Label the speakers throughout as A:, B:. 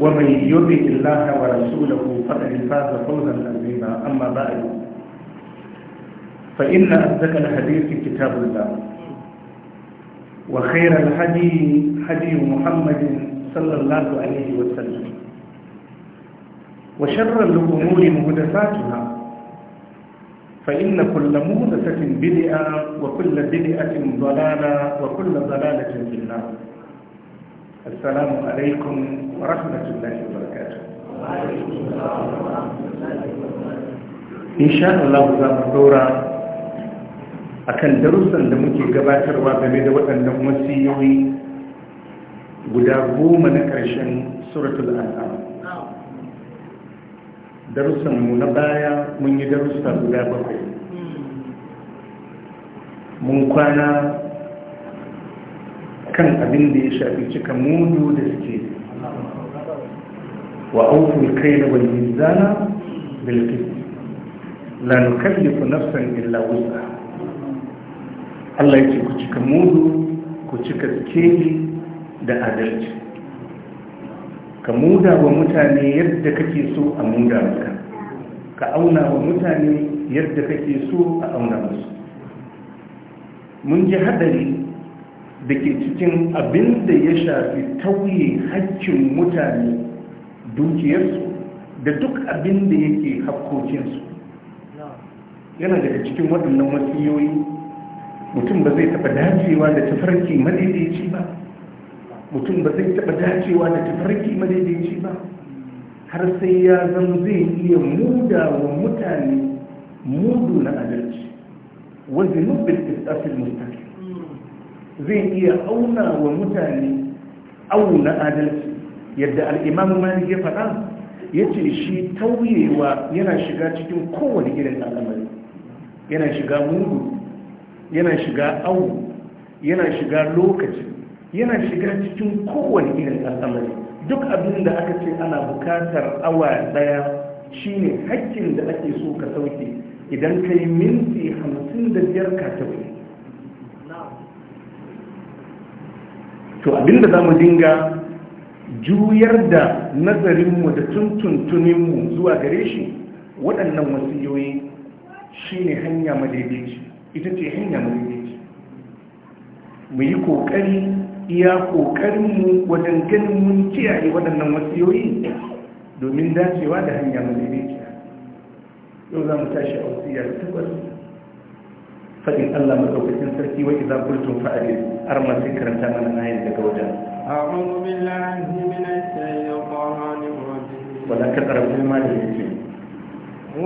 A: ومن يطع الله ورسوله فقد فاز فوزا عظيما اما بعد فان اصدق الحديث كتاب الله وخير الهدي هدي محمد صلى الله عليه وسلم وشر الامور مهدفاتها فان كل مهدفه بدئه وكل بدئه ضلاله وكل ضلاله في النار assalamu alaikum wa rahmatullahi wa barakatuh insha Allah za mu akan darussan da muke gabatarwa game da waɗannan wasiyoyi guda goma na ƙarshen suratul an'am darussanmu na baya mun yi darussa guda bakwai mun kwana kan abin da ya shafi cika mudu da suke wa aufin kai na wani mizana bilkis la ku nafsan illa wusa Allah ya ce ku cika mudu ku cika keji da adalci ka muda wa mutane yadda kake so a muda maka ka auna wa mutane yadda kake so a auna musu mun ji hadari da ke cikin abin da ya shafi tauye haƙƙin mutane dukiyarsu da duk abin da yake hakkokinsu yana daga cikin waɗannan wasiyoyi mutum ba zai taɓa dacewa da tafarki madaidaici ba mutum ba zai taɓa dacewa da tafarki madaidaici ba har sai ya zama zai iya muda wa mutane mudu na adalci wanda nufin istafil mustaqim zai iya auna wa mutane auna adalci yadda al'imamu malik ya faɗa ya ce shi tauyewa yana shiga cikin kowane irin al'amari yana shiga mudu yana shiga awu yana shiga lokaci yana shiga cikin kowane irin al'amari duk abin da aka ce ana bukatar awa daya shine hakkin da ake so ka sauke idan ka yi minti hamsin da biyar ka tafi to abinda za mu dinga juyar da nazarinmu da tuntuntuninmu zuwa gare shi waɗannan wasiyoyi shi ne hanya madaidaici ita ce hanya madaidaici mu yi ƙoƙari iya ƙoƙarinmu wajen ganin mun kiyaye waɗannan wasiyoyi domin dacewa da hanya madaidaici yau za mu tashi a wasiyar tabbas فإن الله مدوكتين سركي وإذا قلتم فأدل أرمى سكرا تامنا آية لك وجل
B: أعوذ بالله من الشيطان الرجيم ولا تقربوا المال اليتيم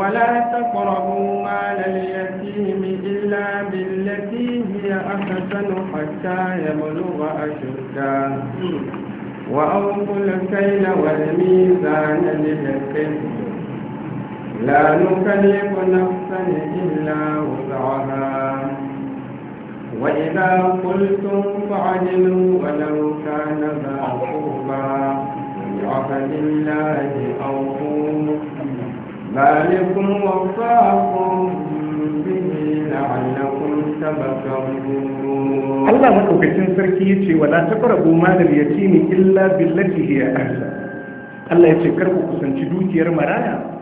B: ولا تقربوا مال اليتيم إلا بالتي هي أحسن حتى يبلغ أشده وأوفوا الكيل والميزان للقسط لا نكلف نفسا إلا وسعها وإذا na فعدلوا ولو كان ذا قربى بعهد الله أوفوا ذلكم وصاكم به لعلكم تبكرون
A: Allah maɗaukacin sarki ce wa la taɓa rabu madar ya ce illa billati ya ɗansa. Allah ya ce karku kusanci dukiyar maraya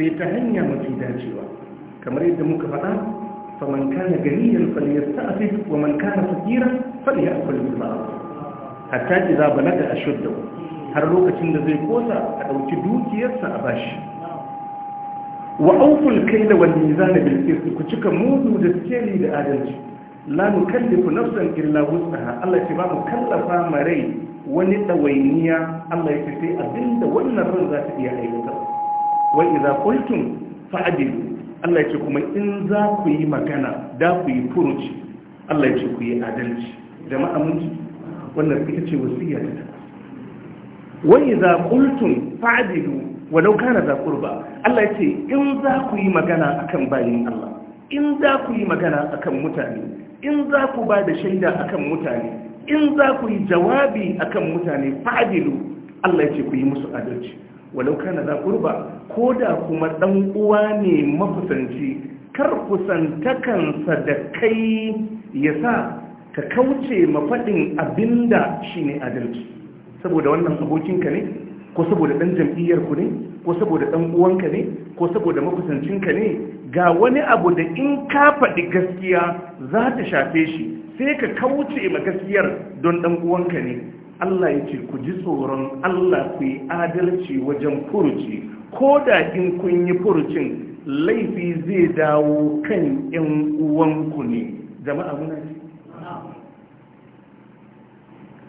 A: sai ta hanya mafi dacewa kamar yadda muka faɗa faman kana ganiyan ta'afi wa man kana fakiran falyakul bil ma'ruf hatta idza balaga ashuddahu har lokacin da zai kosa a ɗauki dukiyarsa a bashi wa auful kaila wal mizan bil qist ku cika mudu da tsari da adalci la nukallifu nafsan illa wus'aha Allah ya ba mu kallafa marai wani dawainiya Allah ya ce sai abinda wannan ran za ta iya aiwatar wa idza qultum fa'dilu Allah yake kuma in za ku yi magana da ku yi furuci Allah yake ku yi adalci jama'a mun ji wannan ita ce wasiya ta ta wa idza qultum fa'dilu walau kana za qurba Allah yake in za ku yi magana akan bayin Allah
C: in za ku yi
A: magana akan mutane in za ku ba da shaida akan mutane in za ku yi jawabi akan mutane fa'dilu Allah yake ku yi musu adalci walau kana za kurba ko da kuma ɗan uwa ne makusanci kar kusantakansa da kai ya sa ka kauce mafaɗin abinda shi ne adalci saboda wannan abokinka ne ko saboda ɗan jam'iyyarku ne ko saboda ɗan uwanka ne ko saboda ka ne ga wani abu da in ka faɗi gaskiya za ta shafe shi sai ka kauce ma gaskiyar don ɗan uwanka ne Allah ya ce ku ji tsoron Allah ku yi adalci wajen furuci ko da in kun yi furucin laifi zai dawo kan ‘yan uwanku ne jama'a muna ce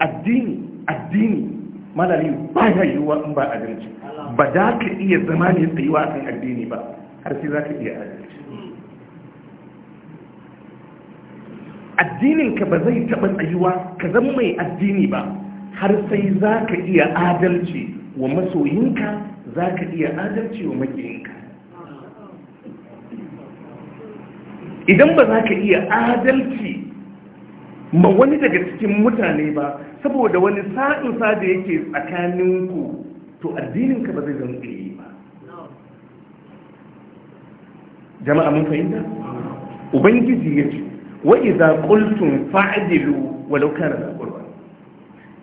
A: addini addini malari ba ya yiwuwa in ba adalci ba za ka iya zama ne tsayuwa kan addini ba har sai za ka iya adalci addininka ba zai taɓa tsayuwa ka zama mai addini ba har sai za ka iya adalci wa masoyinka za ka iya adalci wa makiyinka idan ba za ka iya adalci ma wani daga cikin mutane ba saboda wani sa'insa da yake tsakaninku to addininka ba zai zama ba jama'a mun fahimta ubangiji ya ce wa'iza ƙultun fa'adilu walau kana zaɓar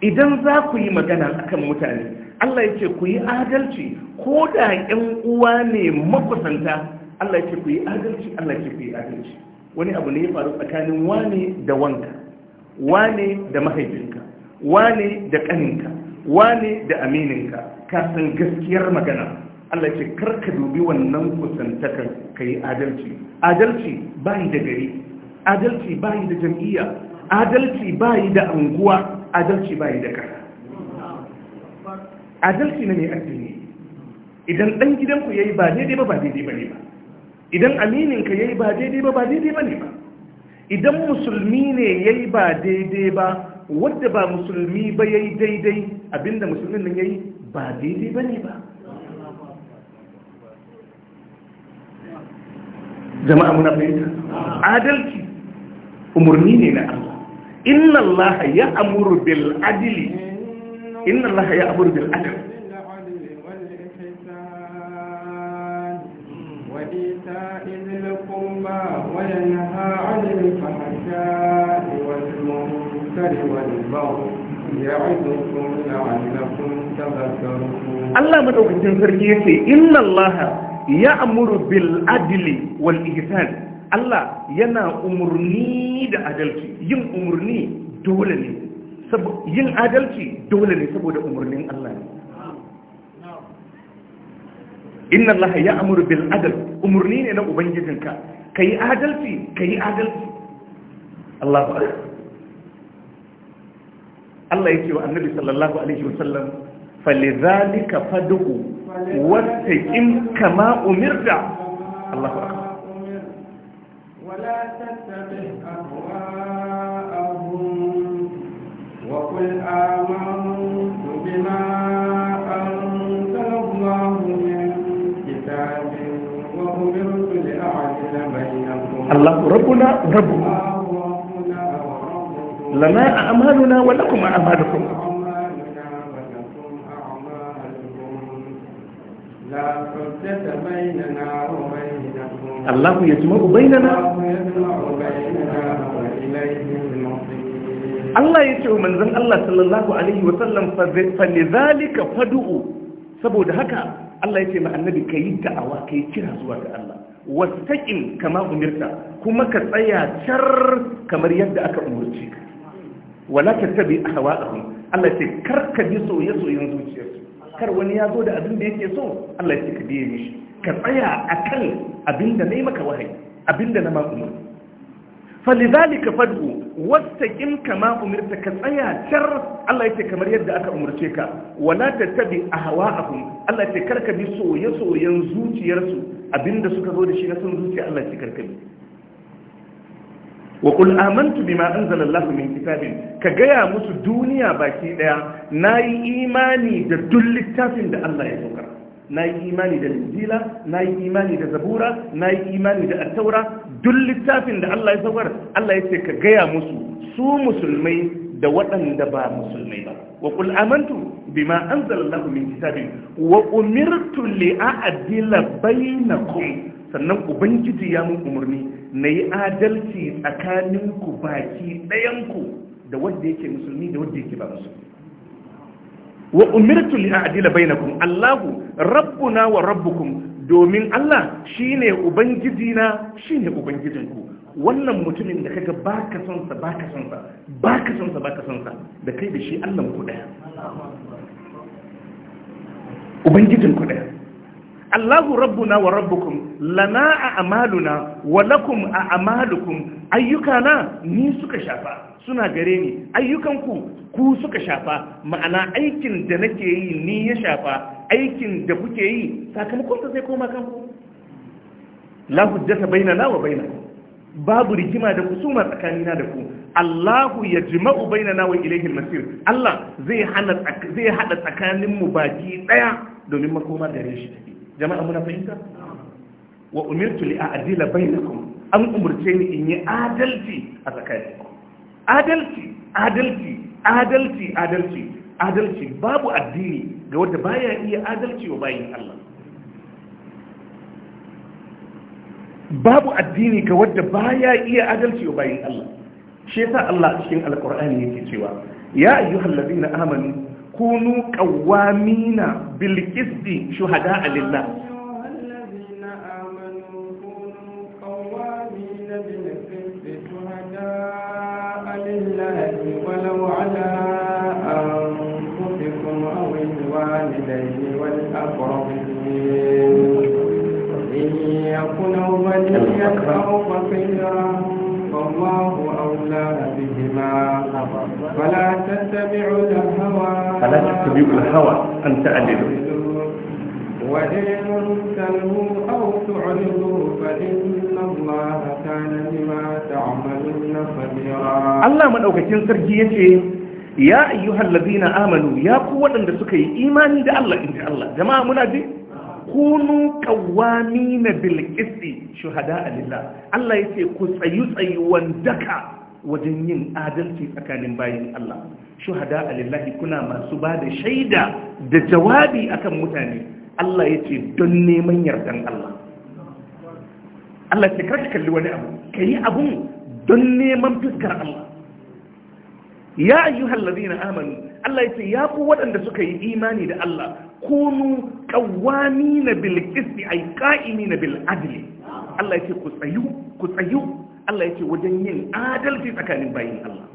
A: idan za ku yi magana akan mutane Allah ya ce ku yi adalci ko da ƴan uwa ne makusanta Allah ya ce ku yi adalci Allah ya ce ku yi adalci wani abu ne ya faru tsakanin wane da wanka wane da mahaifinka wane da kaninka wane da amininka ka san gaskiyar magana Allah ce karka dubi wannan kusantakar ka yi adalci adalci bayi da gari adalci bayi da jam'iyya adalci ba yi da anguwa adalci ba yi da kara adalci na mai addini idan ɗan gidanku ya yi ba daidai ba ba daidai ba ne ba idan amininka ya yi ba daidai ba ba daidai ba ne ba idan musulmi ne ya yi ba daidai ba wadda ba musulmi ba ya yi daidai abinda musulmin nan ya yi ba daidai ba ne ba jama'a muna fahimta adalci umarni ne na abu inna allaha ya amuru bil adili inna allaha ya amuru bil adil Allah madaukakin sarki yake inna ya amuru bil adili wal ihsan Allah yana umarni da adalci yin umarni dole ne yin adalci dole ne saboda umarnin Allah ne inna Allah ya amuru bil adal umarni ne na ubangijinka kai adalci kai adalci Allah ba Allah yake wa annabi sallallahu alaihi wasallam falidhalika fadu taqim kama umirta Allahu akbar
B: قل آمنت بما أنزل الله من كتاب وأمرت لأعدل بينكم الله ربنا ربنا
C: لنا أعمالنا ولكم أعمالكم الله يجمع بيننا الله يجمع
A: بيننا وإليه المصير Allah ya ce wa manzon Allah sallallahu alaihi wa sallam faduu saboda haka Allah ya ce ma annabi kai da'awa yi kira zuwa ga Allah wastaqim kama umirta kuma ka tsaya car kamar yadda aka umurci ka wala tattabi ahwa'ahum Allah ya ce kar ka bi soyayyen zuciyarsu kar wani ya zo da abin da yake so Allah ya ce ka biye mishi ka tsaya akan abin da nayi maka wahayi abin da na ma falidhalika fadhu wastaqim kama umirta ka tsaya car Allah ce kamar yadda aka umurce ka wala tattabi ahwa'ahum Allah yake karka bi soye-soyen zuciyarsu abinda suka zo da shi na son zuciya Allah yake karka bi wa qul amantu bima anzala Allah min kitabin ka gaya musu duniya baki daya nayi imani da duk littafin da Allah ya saukar na yi imani da linjila na yi imani da zabura na yi imani da attaura duk littafin da Allah ya saukar Allah ya ce ka gaya musu su musulmai da waɗanda ba musulmai ba wa kul amantu bima anzalallahu min kitabin wa umirtu li a'dila bainakum sannan ubangiji ya mun umarni nayi adalci tsakaninku baki ɗayanku da wanda yake musulmi da wanda yake ba musulmi wa umirtu li a'dila bainakum Allahu rabbuna wa rabbukum domin Allah shi ne Ubangijina shi ne Ubangijinku wannan mutumin da kaga ba ka sonsa ba ka sonsa ba ka sonsa ba ka sonsa da kai da shi Allah ku ɗaya Ubangijinku ɗaya Allahu rabbuna wa rabbukum lana a amaluna walakum a amalukum ayyukana ni suka shafa suna gare ni ayyukanku ku suka shafa ma'ana aikin da nake yi ni ya shafa aikin da kuke yi sakamakon da zai koma kanku la hujjata na wa baina, babu rigima da kusuma tsakanina da ku Allahu ya jima'u na wa ilaihi masir Allah zai hana zai hada tsakanin mu baki daya domin makoma gare shi jama'a muna fahimta wa umirtu li a'dila bainakum an umurce ni in yi adalci a tsakaninku adalci adalci adalci adalci adalci babu addini ga wanda baya iya adalci wa bayin Allah babu addini ga wanda baya iya adalci wa bayin Allah shi yasa Allah cikin alqur'ani yake cewa ya ayyuhal ladina amanu kunu qawwamina bil qisti shuhada lillah
B: والله أولى بهما فلا تتبعوا الهوى فلا تتبعوا الهوى أن تعدلوا وإن تلهوا أو تعرضوا فإن الله كان بما تعملون خبيرا
A: الله من أوكتين سرجيتي يا أيها الذين آمنوا يا قوة أن سكي إيماني دا الله إن الله جماعة منادي kunu kawami na bilkisti shuhada a lillah Allah ya ce ku tsayu tsayuwan daka wajen yin adalci tsakanin bayan Allah shuhada a lillahi kuna masu ba da shaida da jawabi akan mutane Allah ya ce don neman yardan Allah Allah ce kar kalli wani abu ka yi abun don neman fuskar Allah ya ayyuhallazina amanu Allah ya ce ya ku waɗanda suka yi imani da Allah kunu kawami na bilkisti ai ka'imi na bil'adili Allah ya ce ku tsayu ku tsayu Allah ya ce wajen yin adalci tsakanin bayin Allah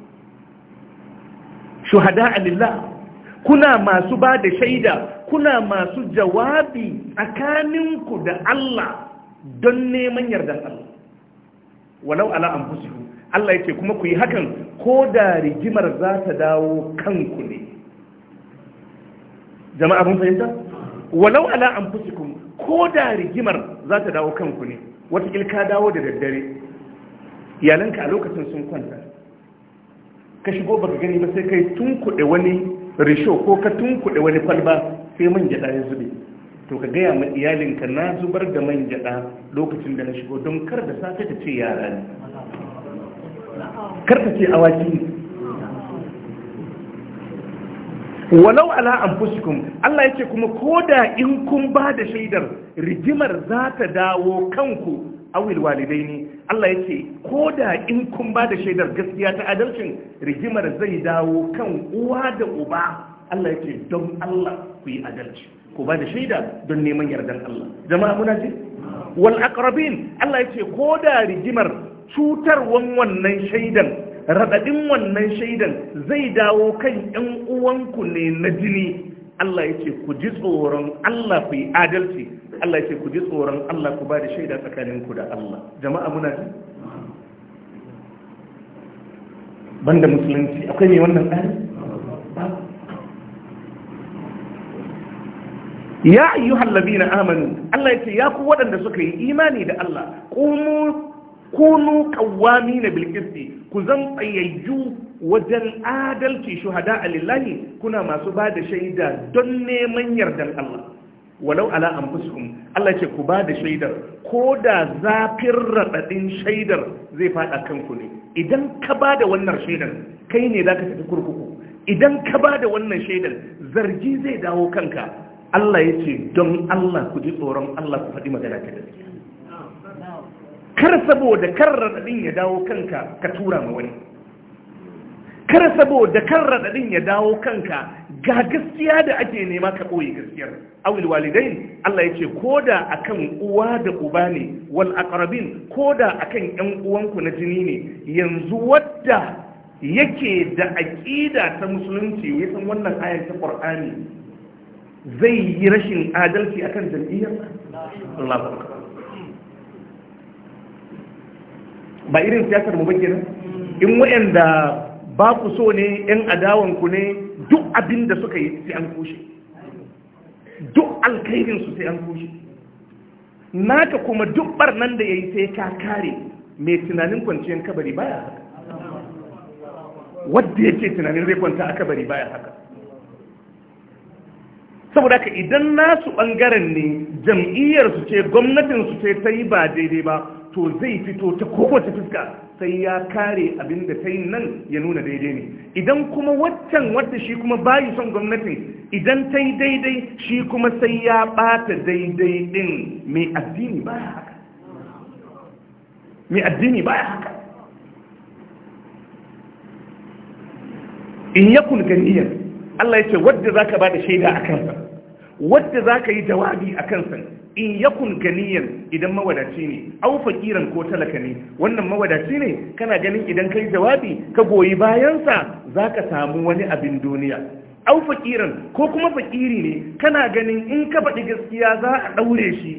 A: shuhada alillah kuna masu ba da shaida kuna masu jawabi tsakanin ku da Allah don neman yardan Allah walau ala anfusikum Allah ya ce kuma ku yi hakan ko da rigimar za ta dawo kanku ne jama'a mun fahimta walau ala anfusikum ko da rigimar za ta dawo kanku ne wata ka dawo da daddare iyalanka a lokacin sun kwanta ka shigo baka gani ba sai kai tunkuɗe wani risho ko ka tunkuɗe wani kwalba sai man gyaɗa ya zube to ka gaya ma iyalinka na zubar da man gyaɗa lokacin da na shigo don kar da safe ta ce yara ne
C: karka ce awaki
A: ne walau ala anfusikum Allah yake kuma koda in kun ba da shaidar rigimar za ta dawo kanku awil walidaini Allah yake koda in kun ba da shaidar gaskiya ta adalcin rigimar zai dawo kan uwa da uba Allah yake don Allah ku yi adalci ku ba da shaida don neman yardar Allah jama'a muna ji wal aqrabin Allah yake koda rigimar cutarwan wannan shaidan raɗaɗin wannan shaidan zai dawo kan 'yan uwanku ne na jini Allah ya ce ku ji tsoron Allah ku yi adalci Allah ya ce ku ji tsoron Allah ku ba da shaida tsakaninku da Allah jama'a muna ji banda musulunci akwai mai wannan tsari ya ayyuhal ladina amanu Allah ya ce ya ku waɗanda suka yi imani da Allah qumu kunu kawami na bilkisti ku zan tsayayyu wajen adalci shuhada a lillahi kuna masu ba da shaida don neman yarda Allah walau ala anfusikum Allah ce ku ba da shaidar ko da zafin raɗaɗin shaidar zai faɗa kanku ne idan ka ba da wannan shaidar kai ne za ka tafi kurkuku idan ka ba da wannan shaidar zargi zai dawo kanka Allah ya ce don Allah ku ji tsoron Allah ku faɗi magana ta gaskiya kar saboda kar raɗaɗin ya dawo kanka ka tura ma wani kar saboda kar raɗaɗin ya dawo kanka ga gaskiya da ake nema ka ɓoye gaskiyar awil walidai, Allah ya ce ko da akan uwa da uba ne wal aqrabin ko da akan ƴan uwanku na jini ne yanzu wadda yake da aƙida ta musulunci ya san wannan ayar ta qur'ani zai yi rashin adalci akan jam'iyyar Allah ba irin siyasar mu ba kenan in waɗanda ba ku so ne yan adawan ku ne duk abin da suka yi sai an kushe duk alkhairin su sai an kushe naka kuma duk barnan da yayi sai ka kare mai tunanin kwanciyar kabari baya haka wadda yake tunanin zai kwanta a kabari baya haka saboda ka idan nasu bangaren ne jam'iyyarsu ce gwamnatinsu ce ta ba daidai ba to zai fito ta kowace fuska sai ya kare abin da ta nan ya nuna daidai ne idan kuma waccan wadda shi kuma bayi son gwamnatin idan ta yi daidai shi kuma sai ya bata daidai din mai addini ba haka mai addini ba haka in yakun ganiyar Allah ya ce wadda za ka ba da shaida a kansa wadda za ka yi jawabi a kansa in yakun ganiyan idan mawadaci ne au fakiran ko talaka ne wannan mawadaci ne kana ganin idan kai jawabi ka goyi bayansa za ka samu wani abin duniya au fakiran ko kuma fakiri ne kana ganin in ka faɗi gaskiya za a ɗaure shi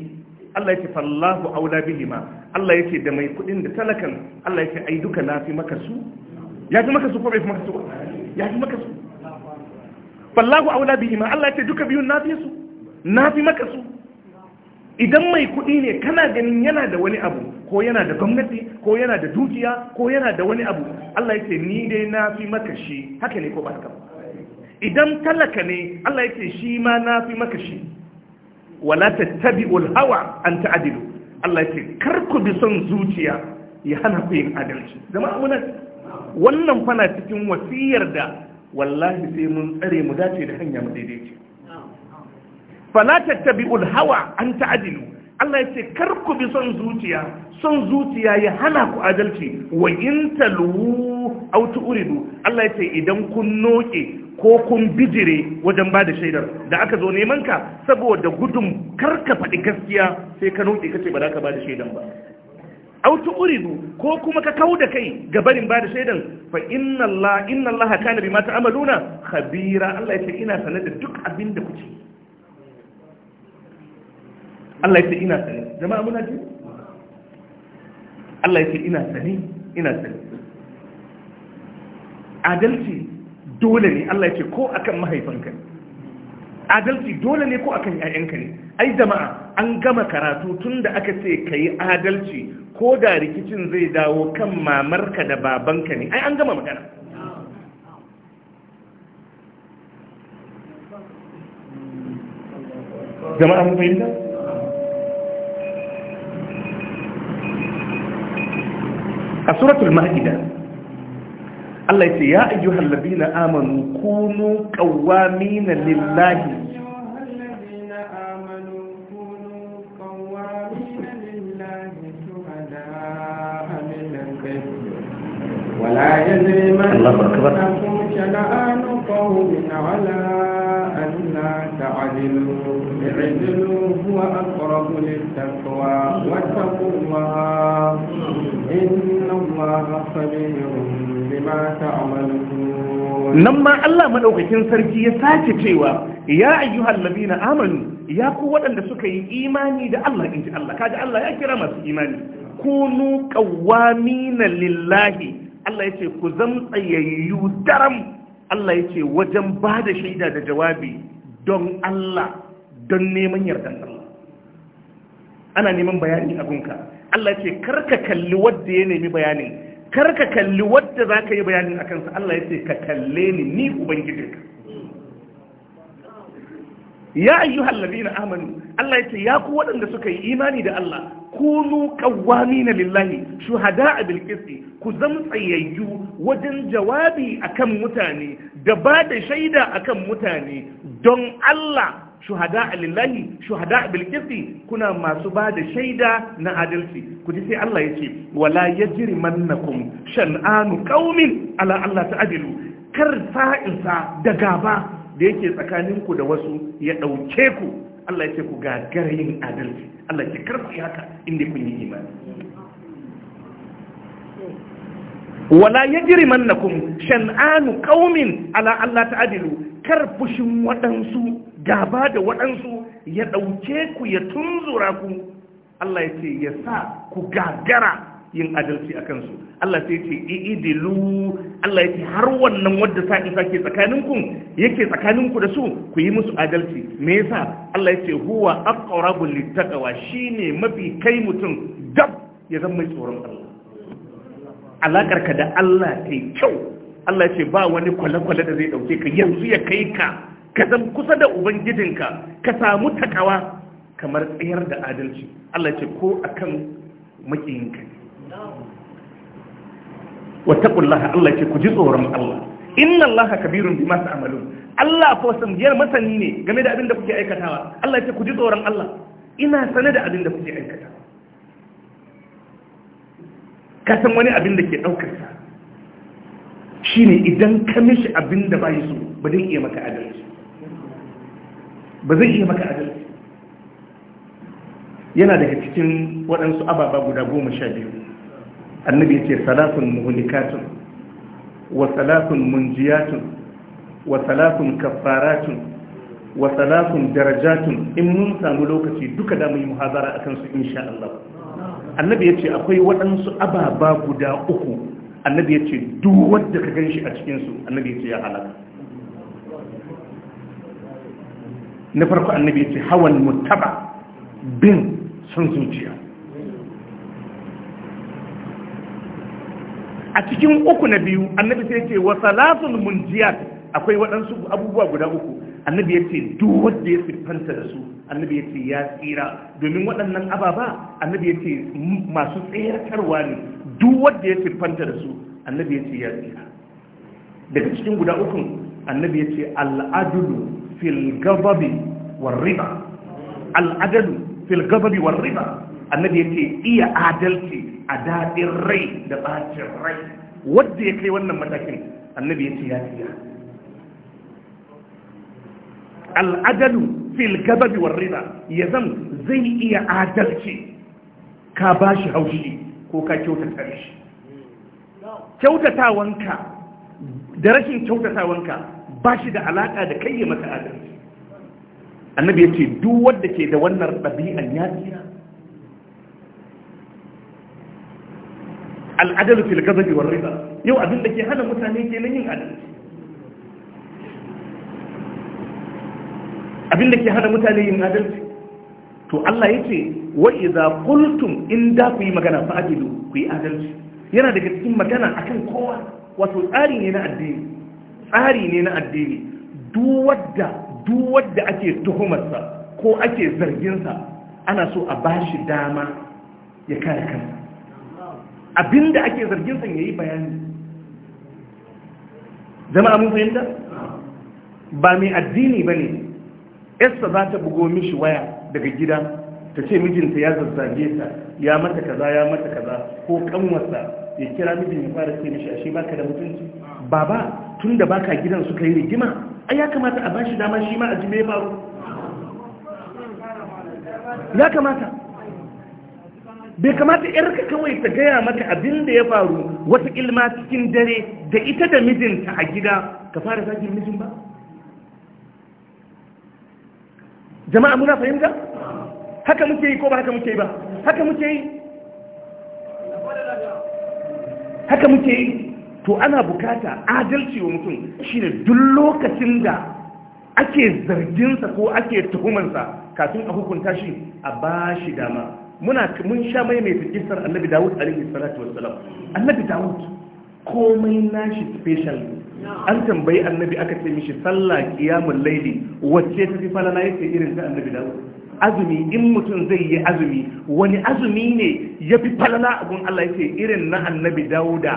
A: Allah yake fallahu aula ma Allah yake da mai kuɗin da talakan Allah yake ai duka na maka su ya fi maka su ko bai fi maka su ya fi maka su fallahu aula ma Allah yake duka biyun na su na fi maka su idan mai kuɗi ne kana ganin yana da wani abu ko yana da gwamnati ko yana da dukiya ko yana da wani abu Allah yake ni dai na fi maka shi haka ne ko ba haka idan talaka ne Allah yake shi ma na fi maka shi wala tattabi'ul hawa an ta'dilu Allah yake kar ku bi son zuciya ya hana ku yin adalci zama muna wannan fana cikin wasiyar da wallahi sai mun tsare mu dace da hanya mu daidaici fala tattabi'ul hawa an ta'dilu Allah ya ce kar ku bi son zuciya son zuciya ya hana ku adalci wa in talu aw tu'ridu Allah ya ce idan kun noke ko kun bijire wajen bada da shaidar da aka zo neman ka saboda gudun kar ka faɗi gaskiya sai ka noke kace ba za ka bada shaidan ba aw tu'ridu ko kuma ka kauda kai ga barin bada shaidan fa inna Allah inna Allah kana bima ta'maluna khabira Allah ya ce ina sanar da duk abin da kuke Allah ya ce ina sani jama'a muna ji Allah ya ce ina sani ina sani adalci dole ne Allah ya ce ko akan mahaifanka ne adalci dole ne ko akan ƴaƴanka ne ai jama'a an gama karatu tun da aka ce ka yi adalci ko da rikicin zai dawo kan mamarka da babanka ne ai an gama magana jama'a mun fahimta سورة المائدة الله يقول يا أيها الذين آمنوا كونوا قوامين لله
B: ولا يدري من أنكم شنآن قوم ولا أن تعدلوا اعدلوا هو أقرب للتقوى واتقوا الله إن Nan
A: ma Allah maɗaukacin sarki ya sake cewa ya ayyuhal ladina amanu ya ku waɗanda suka yi imani da Allah inji Allah kaji Allah ya kira masu imani kunu qawwamina lillahi Allah yace ku zam tsayayyu daram Allah yace wajen ba da shaida da jawabi don Allah don neman yardan Allah ana neman bayani gunka Allah ce karka kalli wadda ya nemi bayanin karka kalli wadda za ka yi bayanin a kansa Allah ya ce ka kalle ni ni ubangijinka ya ayyuhal na amanu Allah ya ce ya ku waɗanda suka yi imani da Allah kunu na lillahi shuhada a qisti ku zama tsayayyu wajen jawabi akan mutane da ba da shaida akan mutane don Allah shuhada lillahi shuhada bil qisti kuna masu ba da shaida na adalci ku ji sai Allah yace wala yajrimannakum shan'anu qaumin ala Allah ta'dilu kar sa'insa da gaba da yake tsakaninku da wasu ya dauke ku Allah yace ku gagara yin adalci Allah yace kar ku haka inda kun yi imani wala ya yajrimannakum shan'anu qaumin ala alla ta'dilu kar fushin waɗansu gaba da waɗansu ya ɗauke ku ya tunzura ku Allah ya ce ya sa ku gagara yin adalci a kansu Allah sai ce idilu Allah ya ce har wannan wanda sa isa ke tsakaninku yake tsakaninku da su ku yi musu adalci me yasa Allah ya ce huwa aqrabu littaqwa shine mafi kai mutum dab ya zama mai tsoron Allah alakarka da Allah ta yi kyau Allah ce ba wani kwale-kwale da zai ɗauke ka yanzu ya kai ka ka zan kusa da ubangijinka ka samu takawa kamar tsayar da adalci Allah ce ko akan makiyinka wattaqullaha Allah ce ku ji tsoron Allah inna Allah kabirun bima ta'malun Allah fa biyar masani ne game da abin da kuke aikatawa Allah ce ku ji tsoron Allah ina sane da abin da kuke aikatawa ka san wani abin da ke ɗaukar sa ne idan ka mishi abin da yi so ba zai iya maka adalci ba zai iya maka adalci yana daga cikin waɗansu ababa guda goma sha biyu annabi ce salafin muhulikatun wa salatun munjiyatun wa salatun kafaratun wa salatun darajatun in mun samu lokaci duka da mu yi muhazara akan su insha Allah annabi ya ce akwai waɗansu ababa guda uku annabi ya ce duk wadda ka gan shi a cikinsu annabi ya ce ya halaka na farko annabi ya ce hawan mutaba bin son zuciya a cikin uku na biyu annabi sai ce wa salatul munjiyat akwai waɗansu abubuwa guda uku annabi ya ce duk wanda ya siffanta da su annabi ya ce ya tsira domin waɗannan ababa annabi ya ce masu tsayarkarwa ne du wadda ya siffanta da su annabi ya ce ya tsira daga cikin guda ukun annabi ya ce al'adulu fil gababi war riba al'adalu fil gababi war riba annabi ya ce iya adalci a daɗin rai da bacin rai wanda ya kai wannan matakin annabi ya ce ya tsira al'adalu fil gababi war rida ya zan zai iya adalci ka ba shi haushi ko ka kyautata shi kyautatawanka da rashin kyautatawanka ba shi da alaƙa da kai ya maka adalci annabi ya ce duk wanda ke da wannan ɗabi'an ya tsira al'adalu fil gababi war rida yau abin da ke hana mutane kenan yin adalci abinda ke hana mutane yin adalci to Allah ya ce wa idza qultum in da ku magana fa adilu ku adalci yana daga cikin magana akan kowa wato tsari ne na addini tsari ne na addini Duwadda duwadda ake tuhumarsa ko ake zarginsa ana so a bashi dama ya kare kansa abinda ake zargin ya yi bayani Jama'a mun fahimta ba mai addini bane yarsa za ta bugo mishi waya daga gida ta ce mijinta ya zazzage ta ya mata kaza ya mata kaza ko kanwarsa ya kira mijin ya fara ce mishi ashe baka da mutunci baba tunda baka gidan suka yi rigima ai ya kamata a bashi dama shi ma a ji me faru ya kamata bai kamata yarka kawai ta gaya mata abin da ya faru wata ilma cikin dare da ita da mijinta a gida ka fara zagin mijin ba jama'a muna fahimta haka muke yi ko ba haka muke yi ba haka muke yi haka muke yi to ana bukata adalci wa mutum shine duk lokacin da ake zarginsa ko ake tuhumansa kafin a hukunta shi a ba shi dama muna mun sha mai mai fikisar annabi dawud alaihi salatu wassalam annabi dawud komai nashi special an tambayi annabi aka ce mishi sallah kiyamul laili wacce ta fi falala yake irin ta annabi dawo azumi in mutum zai yi azumi wani azumi ne ya fi falala abun Allah yake irin na annabi dauda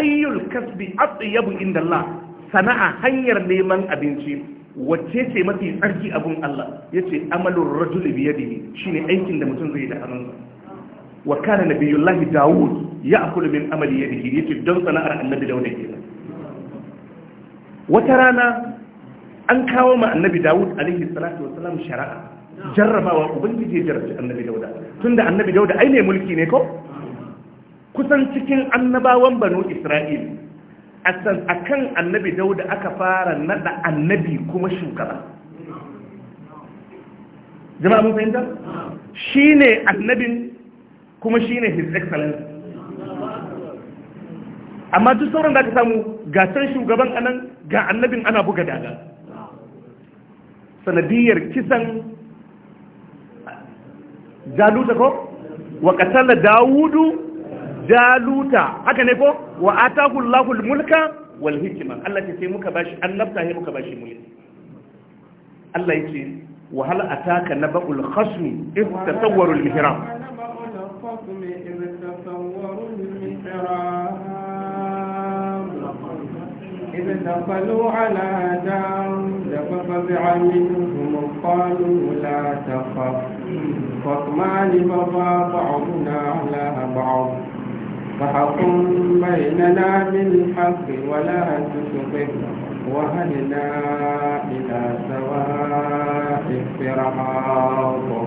A: ayyul kasbi atyabu inda Allah sana'a hanyar neman abinci wacce ce mafi tsarki abun Allah yace amalur rajuli biyadihi shine aikin da mutum zai yi da hannunsa wa kana nabiyullahi dawud ya akulu min amali ya dihi yace don sana'ar annabi dauda kenan wata rana an kawo ma annabi dawud alaihi salatu wa Salam shari'a jarrabawa ubangiji ya jarrabi annabi dauda tunda annabi dauda ai ne mulki ne ko kusan cikin annabawan banu isra'il a kan annabi dauda aka fara nada annabi kuma shugaba jama'a mun fahimta shine annabin kuma shine his excellence. amma duk sauran da aka samu ga san shugaban anan ga annabin ana buga daga sanadiyar kisan jaluta ko wa katala dawudu jaluta haka ne ko wa ataku mulka wal hikma Allah ce sai muka bashi annabta sai muka bashi mulki Allah yake wa hal ataka nabul khasmi id tasawwaru al
B: إذ دخلوا على داود ففزع منهم قالوا لا تخف فاطمان بغى بعضنا على بعض فحكم بيننا بالحق ولا تشقق وهلنا إلى سواء الصراط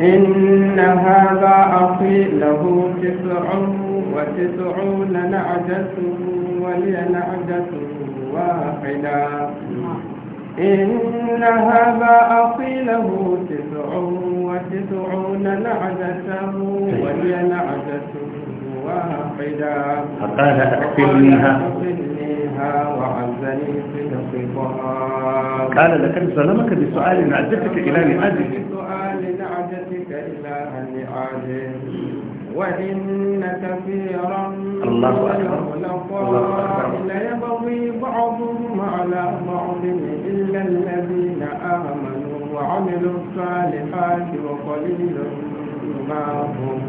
B: إن هذا أخي له تسع وتسعون نعجة ولي نعجة واحدة إن هذا أخي له تسع وتسعون نعجة ولي نعجة واحدة فقال أكفلنيها وعزني في الخطاب قال لك سلمك بسؤال نعجتك إلى نعجتك وإن كثيرا الله أكبر ليبغي بعضهم على بعض إلا الذين آمنوا وعملوا الصالحات وقليل ما هم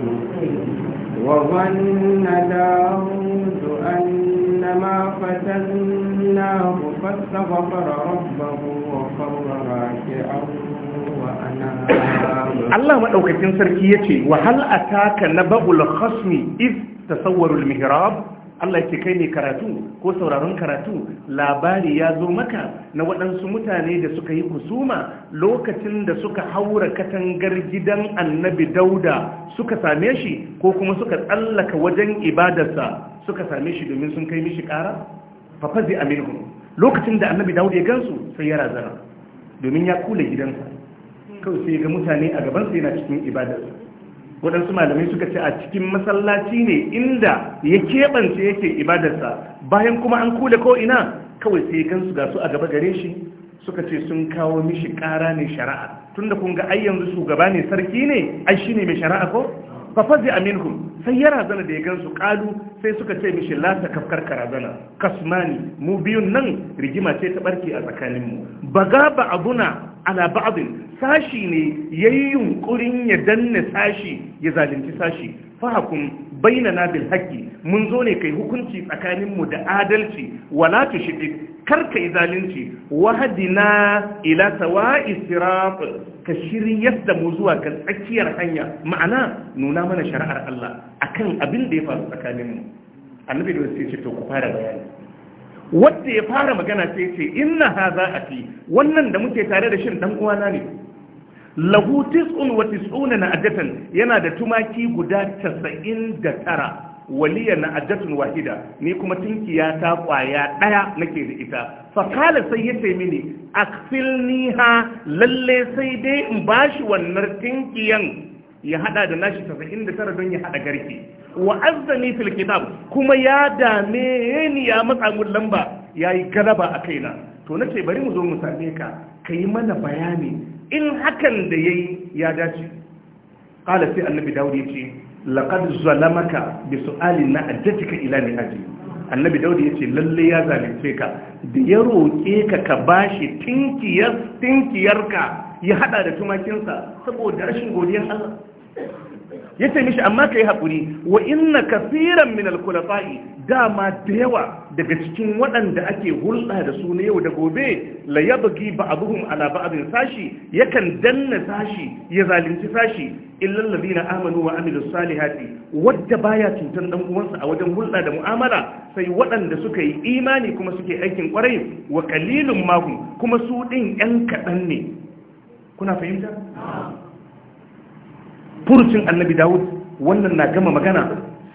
B: وظن داود أن ما فتناه فاستغفر ربه وقر راكعا Allah maɗaukacin
A: sarki ya ce wahal a taka na ba'ul khasmi if tasawwarul mihrab Allah ce kai ne karatu ko sauraron karatu labari ya zo maka na waɗansu mutane da suka yi kusuma lokacin da suka haura katangar gidan annabi dauda suka same shi ko kuma suka tsallaka wajen ibadarsa suka same shi domin sun kai mishi ƙara fafazi aminu lokacin da annabi dauda ya gansu sai ya razana domin ya kula gidansa kawai sai ga mutane a gaban sai yana cikin ibadar waɗansu malamai suka ce a cikin masallaci ne inda ya keɓance yake ibadarsa bayan kuma an kula ko ina kawai sai gansu ga su a gaba gare shi suka ce sun kawo mishi ƙara ne shari'a tunda kun ga ai yanzu shugaba ne sarki ne ai shine mai shari'a ko fa fazi aminkum sai ya razana da ya gansu kalu sai suka ce mishi lasa ta kafkar razana. kasmani mu biyun nan rigima ce ta barke a tsakaninmu baga ba abuna ala ba'adin sashi ne ya yi yunkurin ya danne sashi ya zalunci sashi fahakun bainana bil haƙƙi. mun zo ne kai hukunci tsakaninmu da adalci wala tushidid karka yi zalunci wahadina ila tawa sirat ka shiryar da mu zuwa ga tsakiyar hanya ma'ana nuna mana shari'ar Allah akan abin da ya faru tsakanin mu annabi da sai ce to ku fara bayani wanda ya fara magana sai ce inna hadha ati wannan da muke tare da shin dan uwana ne lahu tis'un wa tis'una na'adatan yana da tumaki guda 99 waliya na ajatun wahida ni kuma tinkiya ta kwaya daya nake da ita fa kala sai ya ce mini ha lalle sai dai in bashi wannan tinkiyan ya hada da nashi tara don ya hada garki wa azzani fil kitab kuma ya dame ni ya matsa mun lamba yayi garaba a kaina to nace bari mu zo mu same ka kai mana bayani in hakan da yayi ya dace kala sai annabi dawud ya ce laƙad zalamaka bi su'ali na ajjatika ila ni aji annabi daudi ce, lalle ya zalunce ka da ya roƙe ka ka bashi tinkiyar tinkiyarka ya haɗa da tumakinsa saboda rashin godiyar Allah yace mishi amma yi hakuri wa inna kaseeran min al dama da yawa daga cikin waɗanda ake hulɗa da su na yau da gobe la yabghi buhun ala abin sashi yakan danna sashi ya zalunci sashi illa na amanu wa amilus salihati wadda baya cutar dan uwansa a wajen hulɗa da mu'amala sai waɗanda suka yi imani kuma suke aikin kwarai wa kalilun mahum kuma su din yan kaɗan ne kuna fahimta furucin annabi dawud wannan na gama magana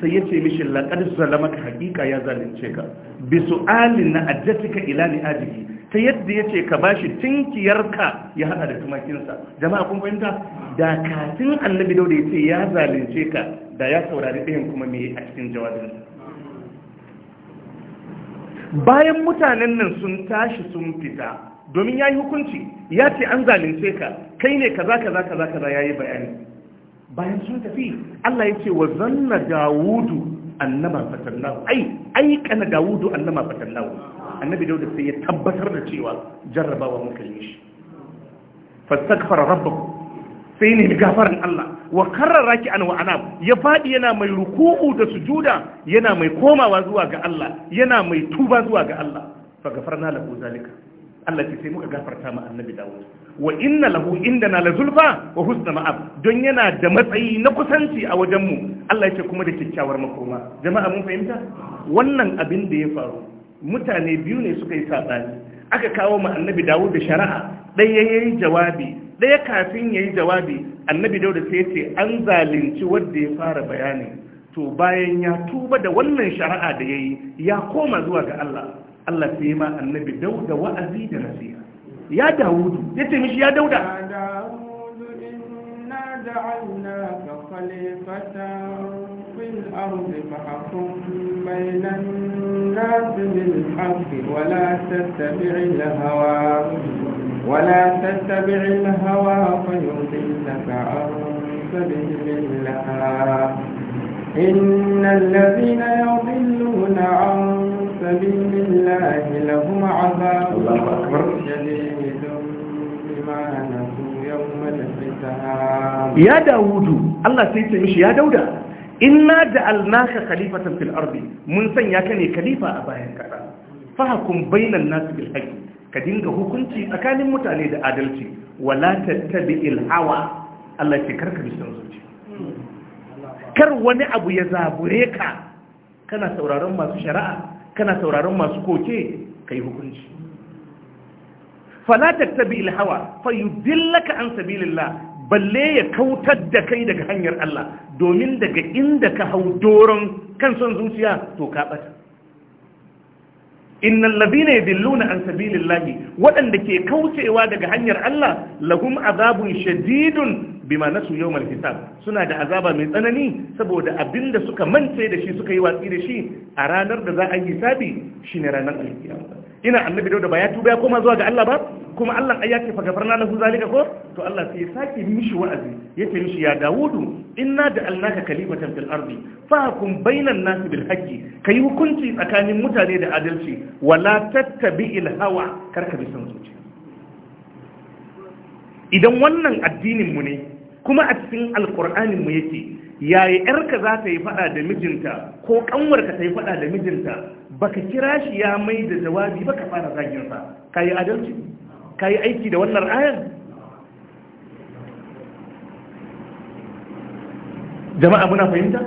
A: sai ya ce mishi laƙar zalamaka haƙiƙa ya zalunce ka bi su'alin na ajjatika ila ni ajiki ta yadda ya ce ka bashi tinkiyarka ya haɗa da tumakinsa jama'a kun fahimta da kafin annabi dawud ya ce ya zalunce ka da ya saurari ɗayan kuma me a cikin jawabin bayan mutanen nan sun tashi sun fita domin ya yi hukunci ya ce an zalunce ka kai ne kaza kaza kaza kaza ya yi bayani bayan sun tafi Allah ya ce wa zanna dawudu annama fatallahu ai aika dawudu annama fatallahu annabi dauda sai ya tabbatar da cewa jarrabawa muka yi shi fastaghfara rabbahu sai ne gafaran Allah wa karrara ki an wa'ana ya fadi yana mai ruku'u da sujuda yana mai komawa zuwa ga Allah yana mai tuba zuwa ga Allah fa gafarna lahu zalika Allah ce sai muka gafarta ma annabi Dawud wa inna lahu indana la zulfa wa husna ma'ab don yana da matsayi na kusanci a wajen mu Allah ya ce kuma da kyakkyawar makoma jama'a mun fahimta wannan abin da ya faru mutane biyu ne suka yi sabani aka kawo ma annabi Dawud da shari'a ɗaya yayi jawabi ɗaya kafin yayi jawabi annabi Dawud sai ya ce an zalunci wanda ya fara bayani to bayan ya tuba da wannan shari'a da yayi ya koma zuwa ga Allah Allah sai ma annabi dauda wa'azi da nasiha يا dawudu يا ce
B: إنا جعلناك خليفة في الأرض فحكم بين الناس بالحق ولا تتبع الهوى ولا تتبع الهوى فيضلك عن سبيل الله إن الذين يضلون عن سبيل
A: الله لهم عذاب
B: شديد بما
A: نسوا يوم الحساب يا داوود الله سيتي مش يا داوود inna ja'alnaka khalifatan fil ardi mun sanya ka ne khalifa a bayan kasa fahkum bainan nas bil ka dinga hukunci tsakanin mutane da adalci wala tattabi'il hawa Allah ya karka bisan zuci kar wani abu ya zabure ka kana sauraron masu shari'a kana sauraron masu koke kai hukunci fala tattabi ilhawa fa yudillaka an sabilillah balle ya kautar da kai daga hanyar Allah domin daga inda ka hau doron kan son zuciya to ka ɓata. innal ladina yadilluna an sabilillahi waɗanda ke kaucewa daga hanyar Allah lahum azabun shadidun bima nasu yawmal hisab suna da azaba mai tsanani saboda abinda suka mance da shi suka yi watsi da shi a ranar da za a yi hisabi shine ranar alkiyama ina annabi dauda ba ya tuba ya koma zuwa ga Allah ba kuma Allah ayya ya ce na lahu zalika ko to Allah sai ya sake mishi wa'azi ya ce mishi ya Dawudu inna da kalimatan fil ardi fahkum bainan nasi bil haqqi kai hukunci tsakanin mutane da adalci wala tattabi'il hawa ka bi san zuciya idan wannan addinin mu ne kuma a cikin alqur'anin mu yake yaya yarka za ta yi fada da mijinta ko kanwarka ta yi fada da mijinta baka kira shi ya mai da jawabi baka fara zaginsa ka yi adalci ka yi aiki da wannan ayar jama'a muna fahimta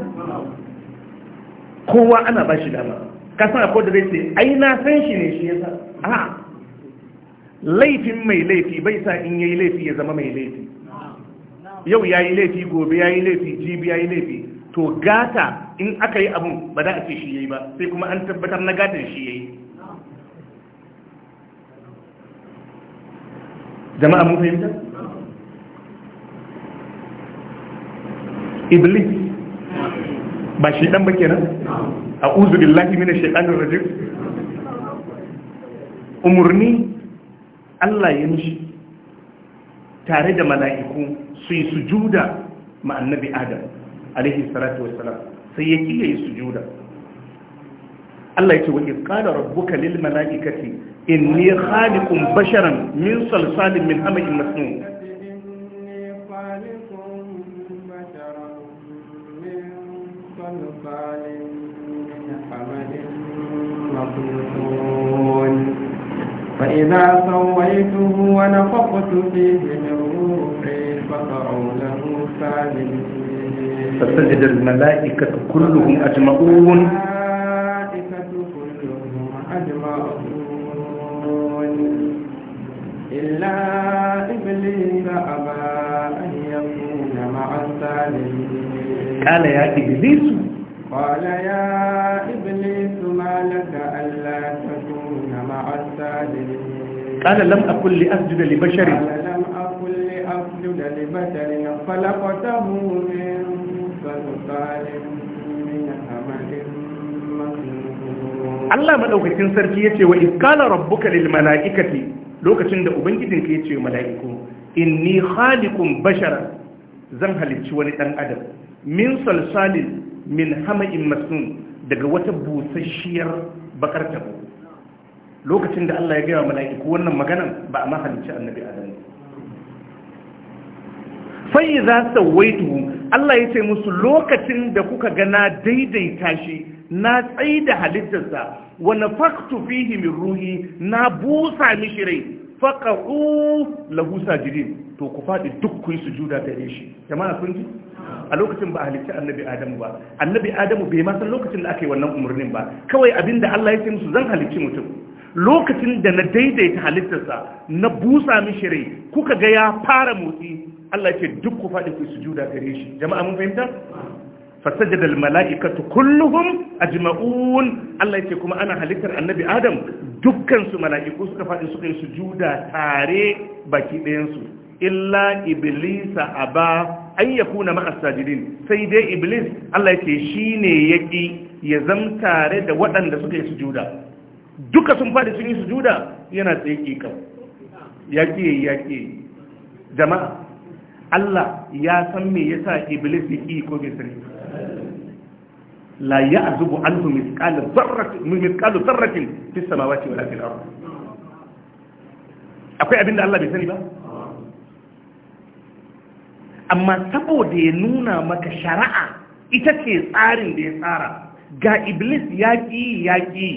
A: kowa ana ba shi dama kasan akwai da zai ce ai na san shi ne shi yasa a laifin mai laifi bai sa in yayi laifi ya zama mai laifi yau ya yi laifi gobe ya yi laifi jibi ya yi laifi to gata in aka yi abun ba za a ce shi yayi ba sai kuma an tabbatar na gatan shi yayi jama'a mun fahimta iblis ba shi dan ba kenan a'udhu billahi minash shaitanir rajim umurni Allah ya mishi tare da mala'iku su yi sujuda ma annabi Adam عليه الصلاة والسلام سيجي يسجودا الله يقول إذ قال ربك للملائكة إني خالق بشرا من صلصال من حمإ مسنون
B: فإذا سويته ونفقت فيه من روحي فقعوا له سالمين فسجد
A: الملائكة كلهم أجمعون
B: إلا إبليس أبى أن يكون مع السالمين قال يا إبليس قال يا إبليس ما لك ألا تكون مع السالمين قال لم أقل لأسجد لبشر قال لم أقل لأسجد لبشر خلقته من Allah madaukakin
A: sarki yace wa iskala rabbuka lil malaikati lokacin da ubangijinka yace wa mala'iku inni khaliqun bashara zan halicci wani ɗan adam min salsalin min hama'in masnun daga wata busasshiyar bakar tabo lokacin da Allah ya gaya wa mala'iku wannan maganan ba a ma halicci annabi adam fayi za su waitu Allah ya ce musu lokacin da kuka gana daidaita shi na tsaye da halittarsa wani faktu fihi min ruhi na busa mishi rai faƙa'u lahu sajirin to ku faɗi duk ku yi sujuda gare shi jama'a sun ji a lokacin ba a halitta annabi adamu ba annabi adamu bai ma lokacin da aka yi wannan umarnin ba kawai abin da Allah ya ce musu zan halicci mutum lokacin da na daidaita halittarsa na busa mishi kuka ga ya fara motsi Allah ya ce duk ku faɗi ku sujuda gare shi jama'a mun fahimta fasajada almala'ikatu kulluhum ajma'un Allah ya ce kuma ana halittar annabi Adam dukkan su mala'iku suka faɗi suka yi sujuda tare baki ɗayan su illa iblisa aba an yakuna ma'a sajidin sai dai iblis Allah ya ce shine yaki ya zam tare da waɗanda suka yi sujuda duka sun faɗi sun yi sujuda yana tsaye kika yaƙi yaƙi jama'a Allah ya san me yasa iblis yake ko bai sani la ya anhu mithqala dharratin miskalu dharratin fi samawati wa fil ard akwai abinda Allah bai sani ba amma saboda ya nuna maka shari'a ita ce tsarin da ya tsara ga iblis ya ki ya ki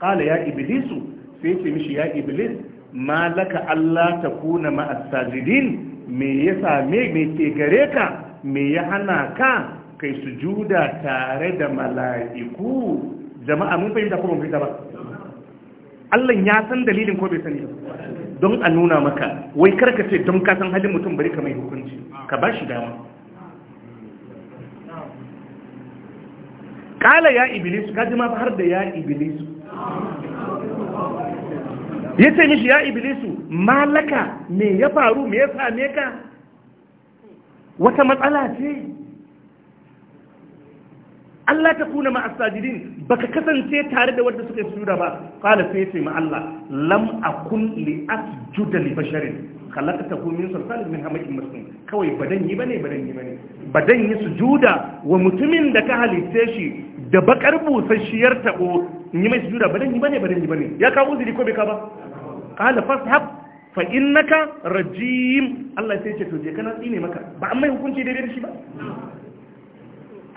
A: kala ya iblisu sai ce mishi ya iblis ma laka Allah ta kuna ma'asajidin me ya same me ke gare ka me ya hana ka kai sujuda tare da mala'iku jama'a mun fahimta ko mun fahimta ba Allah ya san dalilin ko bai sani ba don a nuna maka wai karka ce don ka san halin mutum bari ka mai hukunci ka ba shi dama kala ya iblis ka ji har da ya iblis ya ce mishi ya iblisu malaka me ya faru me ya same ka wata matsala ce Allah ta kuna ba baka kasance tare da wadda suka yi ba kala sai ce ma Allah lam kun li juda li basharin kuma yin salsalin min hamakin masu kawai badan yi bane badan yi bane badan yi su juda wa mutumin da ka halitta shi da bakar busasshiyar tabo yi mai su juda badan yi bane badan yi bane ya kawo uzuri ko bai ka ba kala fashab fa innaka rajim Allah sai ya ce to je kana tsine maka ba an mai hukunci daidai da shi ba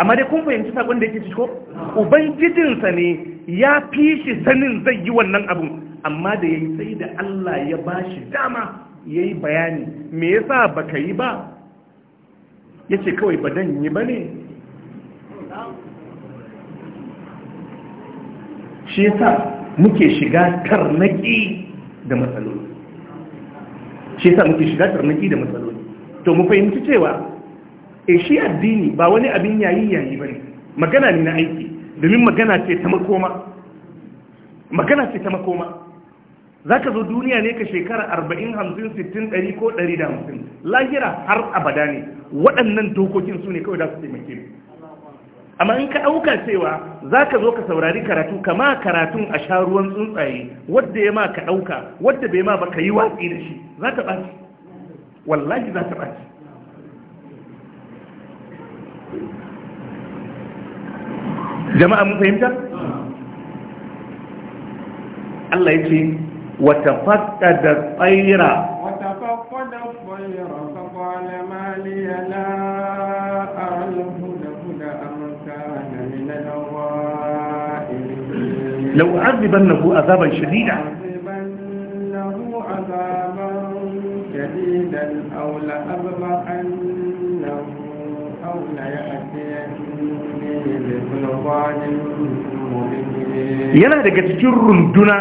A: amma dai kun fahimci sakon da yake ciko ubangijinsa ne ya fi shi sanin zai yi wannan abun amma da yayi sai da Allah ya ba shi dama yayi bayani me yasa baka yi ba yace kawai ba dan yi bane shi yasa muke shiga karnaki da matsaloli shi sa muke shiga tarnaki da matsaloli to mu fahimci cewa e shi addini ba wani abin yayi yayi bane magana ne na aiki domin magana ce ta makoma magana ce ta makoma zaka zo duniya ne ka shekara 40 50 60 100 ko 150 lahira har abada ne waɗannan dokokin su ne kawai da su taimake mu amma in ka ɗauka cewa za ka zo ka saurari karatu kama karatun a sha ruwan tsuntsaye wadda ya ma ka ɗauka wadda bai ma ba ka yi watsi da shi za ka ɓaci wallahi za ta ɓaci jama'a mun fahimta? Allah ya ce wata fasta da tsaira
B: لو أعذبنه
A: عذابا شديدا
B: شديدا أو لأبرحنه أو ليأتيني بسلطان yana daga cikin
A: runduna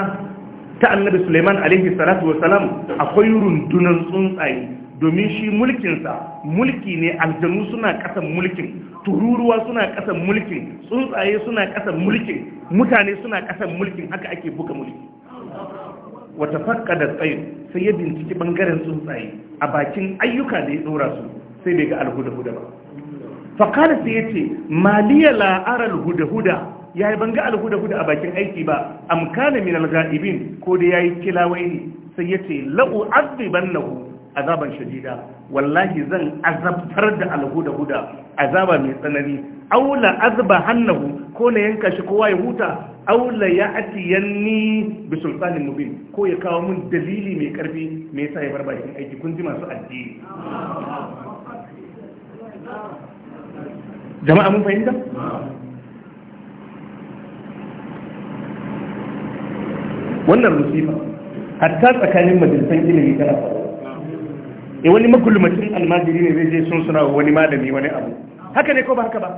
A: ta annabi Suleiman alaihi salatu wasalam akwai rundunan tsuntsaye domin shi mulkinsa mulki ne aljanu suna kasan mulkin tururuwa suna kasan mulkin tsuntsaye suna kasan mulkin mutane suna kasan mulkin haka ake buga mulki wata fakka da tsaye sai ya binciki ɓangaren tsuntsaye a bakin ayyuka da ya ɗora su sai bai ga alhudahuda ba fakada sai ya ce maliya la'ar huda ya yi banga alhudahuda a bakin aiki ba amkana min alga'ibin ko da ya yi kilawai ne sai ya ce la'u na lahu azaban shajida wallahi zan azabtar da alhuda huda azaba mai tsanani aula azba hannahu ko na yanka shi kowa ya huta aula ya ati yanni bi sultanin mubin ko ya kawo mun dalili mai karfi me yasa ya bar bakin aiki kun ji masu addini jama'a mun fahimta wannan musifa hatta tsakanin majalisan ilimi tana faruwa E wani magulmacin almajiri ne zai je sun suna wani malami wani abu haka ne ko ba haka ba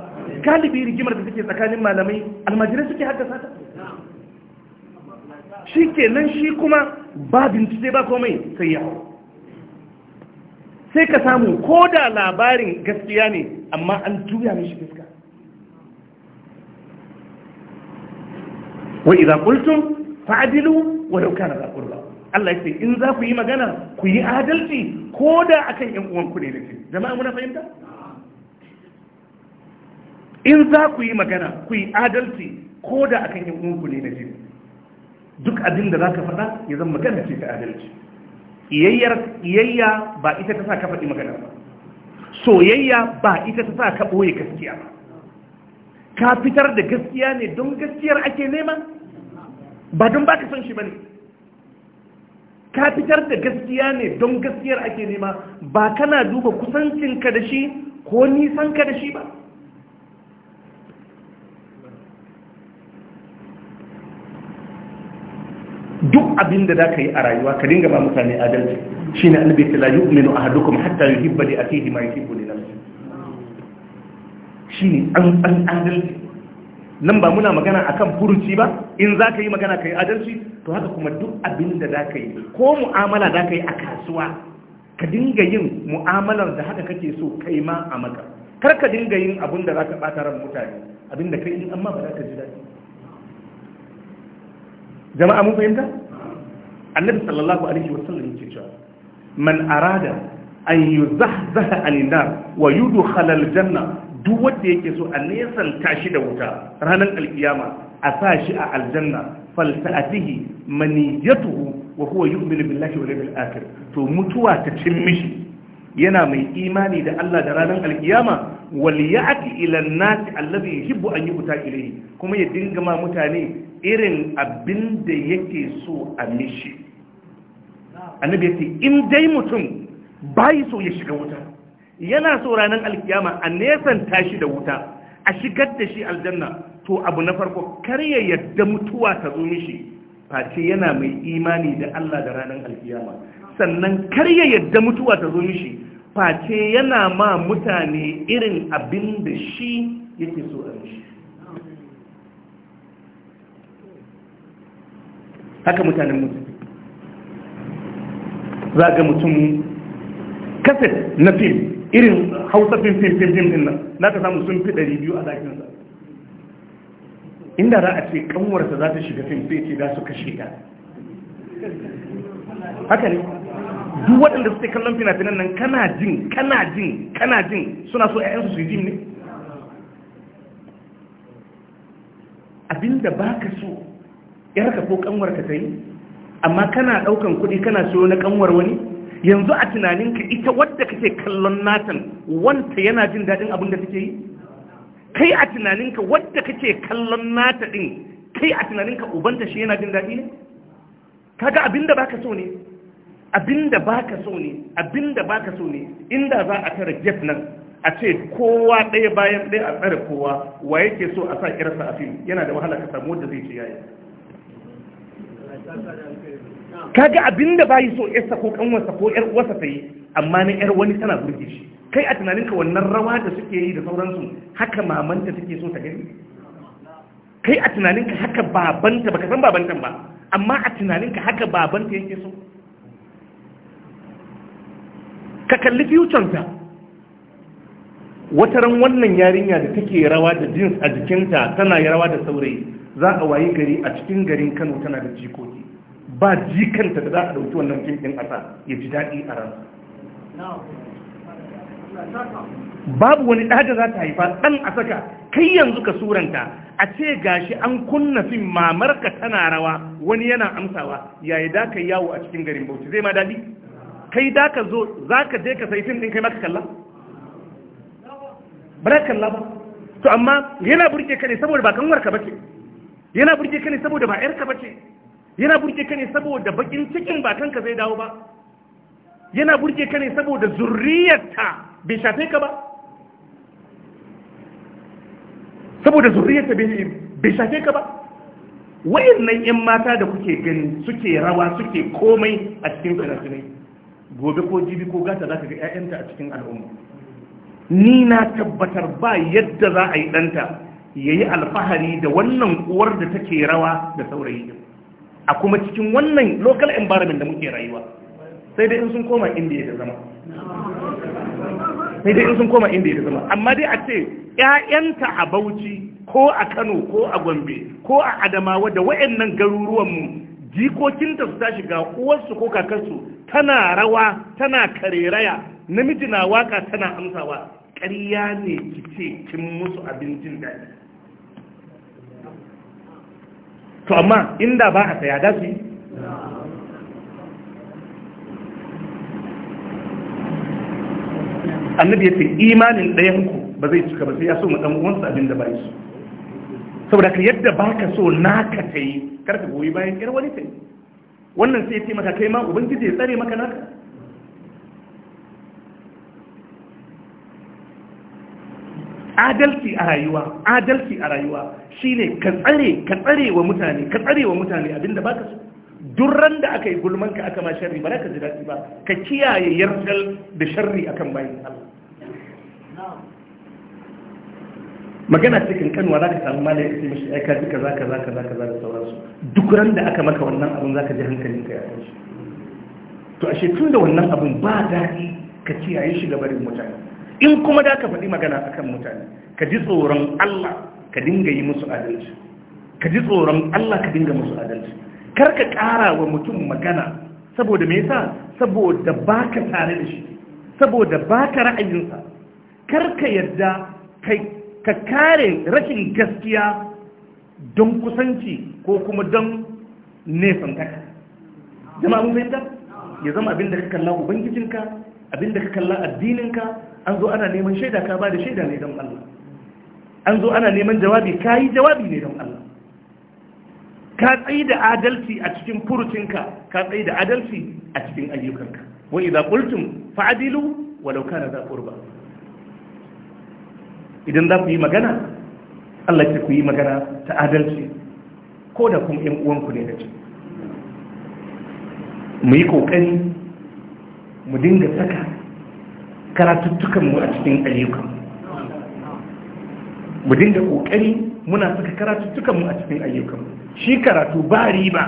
A: galibi rigimar da suke tsakanin malamai almajirai suke haddasa ta shi ke nan shi kuma ba bincike ba komai sai ya sai ka samu ko da labarin gaskiya ne amma an juya mishi fuska wa idan kultum fa'adilu wa law kana Allah ya ce in za ku yi magana ku yi adalci ko da akan yan uwanku ne da ke jama'a muna fahimta in za ku yi magana ku yi adalci ko da akan yan uwanku ne da ke duk abin da za ka faɗa ya zama magana ce ta adalci iyayya ba ita ta sa ka faɗi magana ba soyayya ba ita ta sa ka ɓoye gaskiya ba ka fitar da gaskiya ne don gaskiyar ake nema ba don ba ka son shi ba ne ka fitar da gaskiya ne don gaskiyar ake nema ba kana duba kusancinka da shi ko nisanka da shi ba duk abin da za ka yi a rayuwa ka dinga ba mutane adalci shi ne albeta la yi umenu a hadukum hatta yi hibba da ake hima yi hibba da shi ne an adalci nan ba muna magana akan furuci ba in za ka yi magana ka yi adalci to haka kuma duk abin da za ka yi ko mu'amala za ka yi a kasuwa ka dinga yin mu'amalar da haka kake so kai ma a maka kar ka dinga yin abin da za ka ɓata ran mutane abin da kai in amma ba za ka ji daɗi jama'a mun fahimta annabi sallallahu alaihi wasallam yake cewa man arada an yuzahzaha anin nar wa yudkhala janna? duk wanda yake so a nesan tashi da wuta ranar alkiyama a sa shi a aljanna falsa'atihi maniyatuhu wa huwa yu'minu billahi wal yawmil akhir to mutuwa ta cin mishi yana mai imani da Allah da ranar alkiyama wal ya'ti ila an-nas alladhi yuhibbu an yu'ta ilayhi kuma ya dinga ma mutane irin abin da yake so a mishi annabi yace in dai mutum bai so ya shiga wuta yana so ranar alkiyama a nesan tashi da wuta a shigar da shi aljanna to abu na farko kar ya yadda mutuwa ta zo mishi face yana mai imani da Allah da ranar alkiyama sannan kar ya yadda mutuwa ta zo mishi face yana ma mutane irin abin da shi yake so a mishi haka mutanen mutu za ga mutum kaset na fim irin hausa fim fim fim fim din nan na ta samu sun fi ɗari biyu a zakinsa. inda za a ce kanwarsa za ta shiga fim sai ce za su kashe ta
C: haka ne duk
A: waɗanda suke kallon fina-finan nan kana jin kana jin kana jin suna so 'ya'yansu su yi jin ne abinda ba ka so yarka ko kanwarka ta yi amma kana ɗaukan kuɗi kana so na kanwar wani yanzu a tunaninka ita wadda kake kallon natan wanta yana jin daɗin abin da take yi kai a tunaninka wadda kake kallon nata ɗin kai a tunaninka ubanta shi yana jin daɗi ne kaga abinda baka so ne abinda baka so ne abinda baka so ne inda za a tara jet nan a ce kowa ɗaya bayan ɗaya a tsare kowa wa yake so a sa kirasa a fili yana da wahala ka samu wanda zai ce yayi kaga abinda bayi so yarsa ko kanwarsa ko yar uwarsa ta yi amma na yar wani tana burge shi kai a tunaninka wannan rawa da suke yi da sauransu haka mamanta take so ta gani kai a tunaninka haka babanta baka san babantan ba amma a tunaninka haka babanta yake so ka kalli future wata ran wannan yarinya da take rawa da jeans a jikinta tana rawa da saurayi za a wayi gari a cikin garin Kano tana da jikoki ba jikanta da za a ɗauki wannan fim ɗin ƙasa ya ji daɗi a ran babu wani ɗa da za ta haifa ɗan a saka kai yanzu ka suranta a ce gashi an kunna fim mamarka tana rawa wani yana amsawa yayi da ka yawo a cikin garin bauchi zai ma daɗi kai da ka zo za ka je ka sai fim ɗin kai maka kalla ba za kalla ba to amma yana burge ka ne saboda ba kanwarka ba ce yana burge ka ne saboda ba 'yarka ba ce yana burge ka ne saboda bakin cikin ba kanka zai dawo ba yana burge ka ne saboda zurriyarta bai shafe ka ba saboda zurriyarta bai shafe ka ba wayannan yan mata da kuke gani suke rawa suke komai a cikin fina gobe ko jibi ko gata za ka ga 'ya'yanta a cikin al'umma ni na tabbatar ba yadda za a yi ɗanta ya yi alfahari da wannan uwar da take rawa da saurayi a kuma cikin wannan local environment da muke rayuwa sai dai in sun koma inda da zama
C: sai dai in sun koma
A: inda da zama amma dai a ce ‘ya'yanta a bauchi ko a kano ko a gombe ko a adamawa da wa'yannan garuruwanmu jikokinta su ta ga uwarsu ko kakarsu tana rawa tana kareraya namiji na waka tana amsawa ƙarya ne ki ce kin musu abincin daɗi to amma inda ba a saya da su annabi ya ce imanin ɗayan ku ba zai cika ba sai ya so mu ɗan uwansa abin da ba su saboda ka yadda ba ka so naka ta yi karka goyi bayan ƴar wani ta yi wannan sai ya ce maka kai ma ubangiji ya tsare maka naka adalci a rayuwa adalci a rayuwa shine ka tsare ka tsare wa mutane ka tsare wa mutane abinda baka so duk ran da aka yi gulman ka aka ma sharri ba ka ji daɗi ba ka kiyaye yarjal da sharri akan bayin
C: Allah
A: magana cikin kanwa za ka samu mala ya ce mashi ai ka ji kaza kaza kaza kaza da sauransu duk ran da aka maka wannan abun za ka ji hankalin ka ya tashi to ashe tun da wannan abun ba daɗi ka kiyaye shi barin mutane in kuma da ka faɗi magana a kan mutane ka ji tsoron Allah ka dinga yi musu adalci ka ji tsoron Allah ka dinga musu adalci kar ka ƙara wa mutum magana saboda me yasa saboda ba ka tare da shi saboda ba ka ra'ayinsa kar ka yarda ka kare rashin gaskiya don kusanci ko kuma don nesan taka jama'a mun fahimta ya zama abin da ka kalla ubangijinka da ka kalla addininka an zo ana neman shaida ka ba da shaida ne don Allah an zo ana neman jawabi ka yi jawabi ne don Allah ka tsaye da adalci a cikin furucinka ka tsaye da adalci a cikin ayyukanka Wani za qultum fa'dilu walau kana za qurba idan za ku yi magana Allah ce ku yi magana ta adalci ko da kuma ƴan uwanku ne da ce mu yi kokari mu dinga saka karatuttukanmu a cikin ayyuka mu dinga ƙoƙari muna saka karatuttukanmu a cikin ayyukan shi karatu ba riba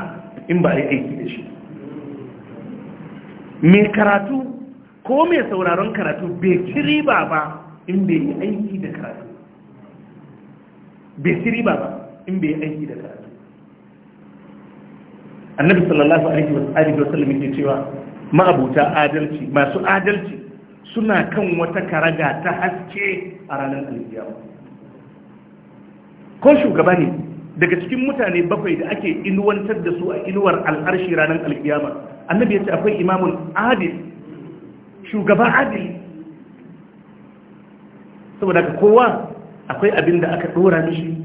A: in ba yi aiki da shi mai karatu ko mai sauraron karatu bai ci riba ba in bai yi aiki da karatu bai ci riba ba in bai yi aiki da karatu annabi sallallahu alaihi wasallam yake cewa ma'abuta adalci masu adalci suna kan wata karaga ta haske a ranar alkiyama ko shugaba ne daga cikin mutane bakwai da ake inuwantar da su a inuwar al'arshi ranar alkiyama annabi ya ce akwai imamun adil shugaba adil saboda ka kowa akwai abin da aka dora mishi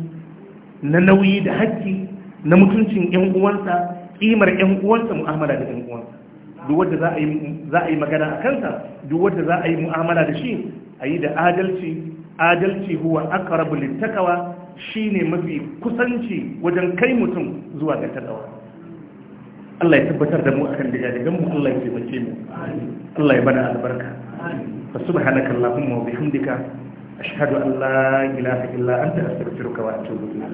A: na nauyi da haƙƙi na mutuncin 'yan uwansa ƙimar 'yan uwansa mu'amala da 'yan uwansa duk za a yi magana a kansa duk za a yi mu'amala da shi a yi da adalci adalci huwa aqrabu shi ne mafi kusanci wajen kai mutum zuwa ga takawa Allah ya tabbatar da mu akan digadigan mu Allah ya taimake mu Allah ya bada albarka fa subhanaka allahumma wa bihamdika ashhadu an la ilaha illa anta astaghfiruka wa atubu ilaik